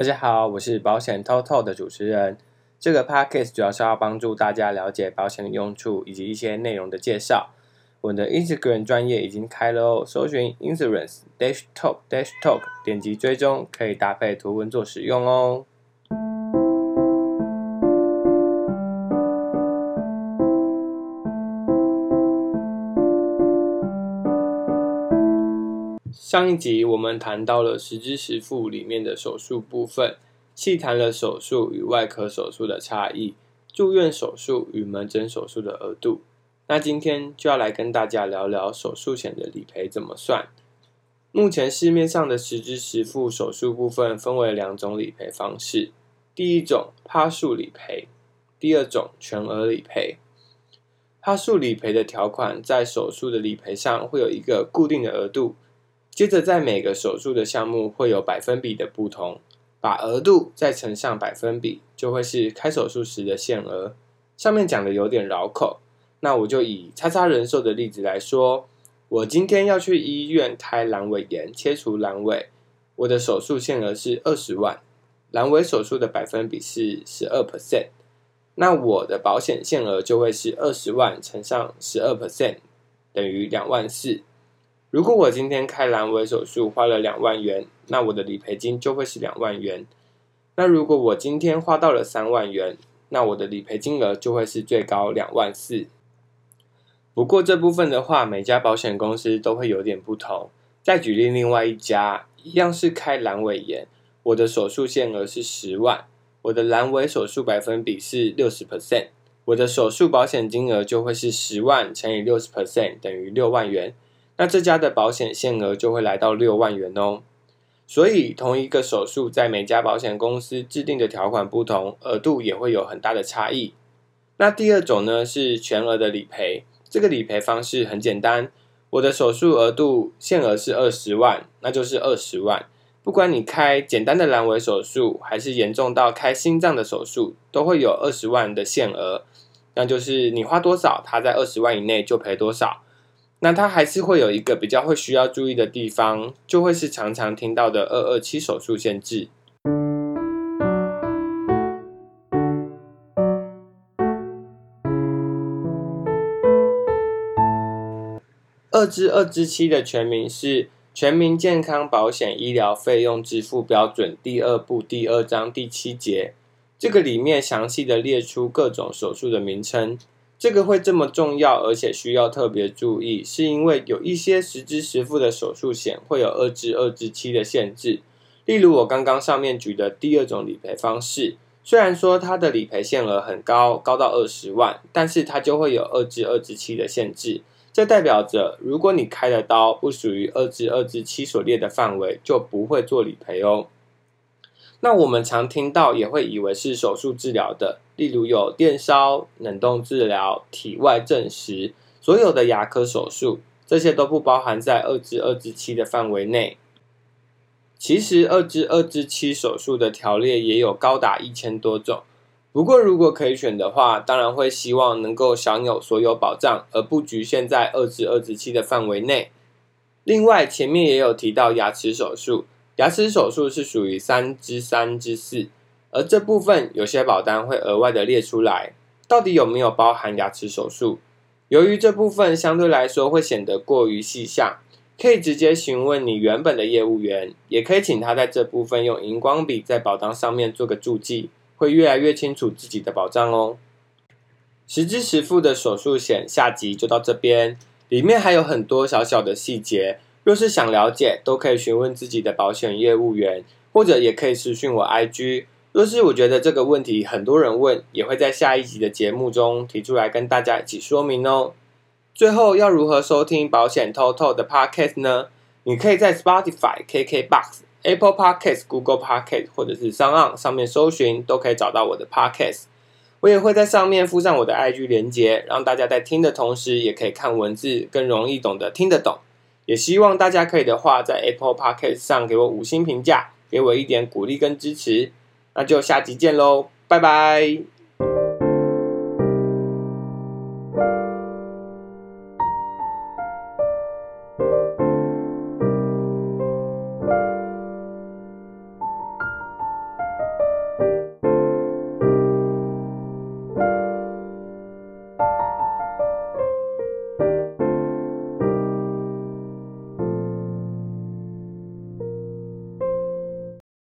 大家好，我是保險 t o t a l 的主持人。這個 p a c k a g e 主要是要幫助大家了解保險的用處以及一些內容的介紹。我的 Instagram 專業已經開了哦，搜尋 insurance-talk-talk，點擊追蹤可以搭配圖文做使用哦。上一集我們談到了實支實付裡面的手術部分，細談了手術與外科手術的差異，住院手術與門診手術的額度。那今天就要來跟大家聊聊手術險的理賠怎麼算。目前市面上的實支實付手術部分分為兩種理賠方式，第一種趴數理賠，第二種全額理賠。趴數理賠的條款在手術的理賠上會有一個固定的額度。接着，在每個手術的項目會有百分比的不同，把額度再乘上百分比，就會是開手術時的限額。上面講的有點繞口，那我就以叉叉人壽的例子來說，我今天要去醫院開闌尾炎切除闌尾，我的手術限額是二十萬，闌尾手術的百分比是十二 percent，那我的保險限額就會是二十萬乘上十二 percent，等於兩萬四。如果我今天開闌尾手術花了兩萬元，那我的理賠金就會是兩萬元。那如果我今天花到了三萬元，那我的理賠金額就會是最高兩萬四。不過這部分的話，每家保險公司都會有點不同。再舉例，另外一家一樣是開闌尾炎，我的手術限額是十萬，我的闌尾手術百分比是六十 percent，我的手術保險金額就會是十萬乘以六十 percent 等於六萬元。那這家的保險限額就會來到六萬元哦，所以同一個手術在每家保險公司制定的條款不同，額度也會有很大的差異。那第二種呢，是全額的理賠，這個理賠方式很簡單，我的手術額度限額是二十萬，那就是二十萬，不管你開簡單的闌尾手術，還是嚴重到開心臟的手術，都會有二十萬的限額，那就是你花多少，它在二十萬以內就賠多少。那它還是會有一個比較會需要注意的地方，就會是常常聽到的二二七手術限制。二之二之七的全名是《全民健康保險醫療費用支付標準》第二部第二章第七節，這個裡面詳細的列出各種手術的名稱。這個會這麼重要，而且需要特別注意，是因為有一些實支實付的手術險會有二至二至七的限制。例如我剛剛上面舉的第二種理賠方式，雖然說它的理賠限額很高，高到二十萬，但是它就會有二至二至七的限制。這代表着，如果你開的刀不屬於二至二至七所列的範圍，就不會做理賠哦。那我們常聽到也會以為是手術治療的。例如有電燒、冷凍治療、體外證實，所有的牙科手術，這些都不包含在二至二至七的範圍內。其實二至二至七手術的條例也有高達一千多種。不過如果可以選的話，當然會希望能夠享有所有保障，而不局限在二至二至七的範圍內。另外前面也有提到牙齒手術，牙齒手術是屬於三至三至四。而這部分有些保單會額外的列出來，到底有沒有包含牙齒手術？由於這部分相對來說會顯得過於細項，可以直接詢問你原本的業務員，也可以請他在這部分用熒光筆在保單上面做個注記，會越來越清楚自己的保障哦。實支實付的手術險，下集就到這邊，裡面還有很多小小的細節，若是想了解，都可以詢問自己的保險業務員，或者也可以私訊我 IG。若是我覺得這個問題很多人問，也會在下一集的節目中提出來跟大家一起說明哦。最後要如何收聽保險偷偷的 Podcast 呢？你可以在 Spotify、KKBox、Apple Podcast、Google Podcast 或者是 SoundOn 上面搜尋，都可以找到我的 Podcast。我也會在上面附上我的 IG 鏈接，讓大家在聽的同時也可以看文字，更容易懂得聽得懂。也希望大家可以的話，在 Apple Podcast 上給我五星評價，給我一點鼓勵跟支持。那就下集見嘍，拜拜。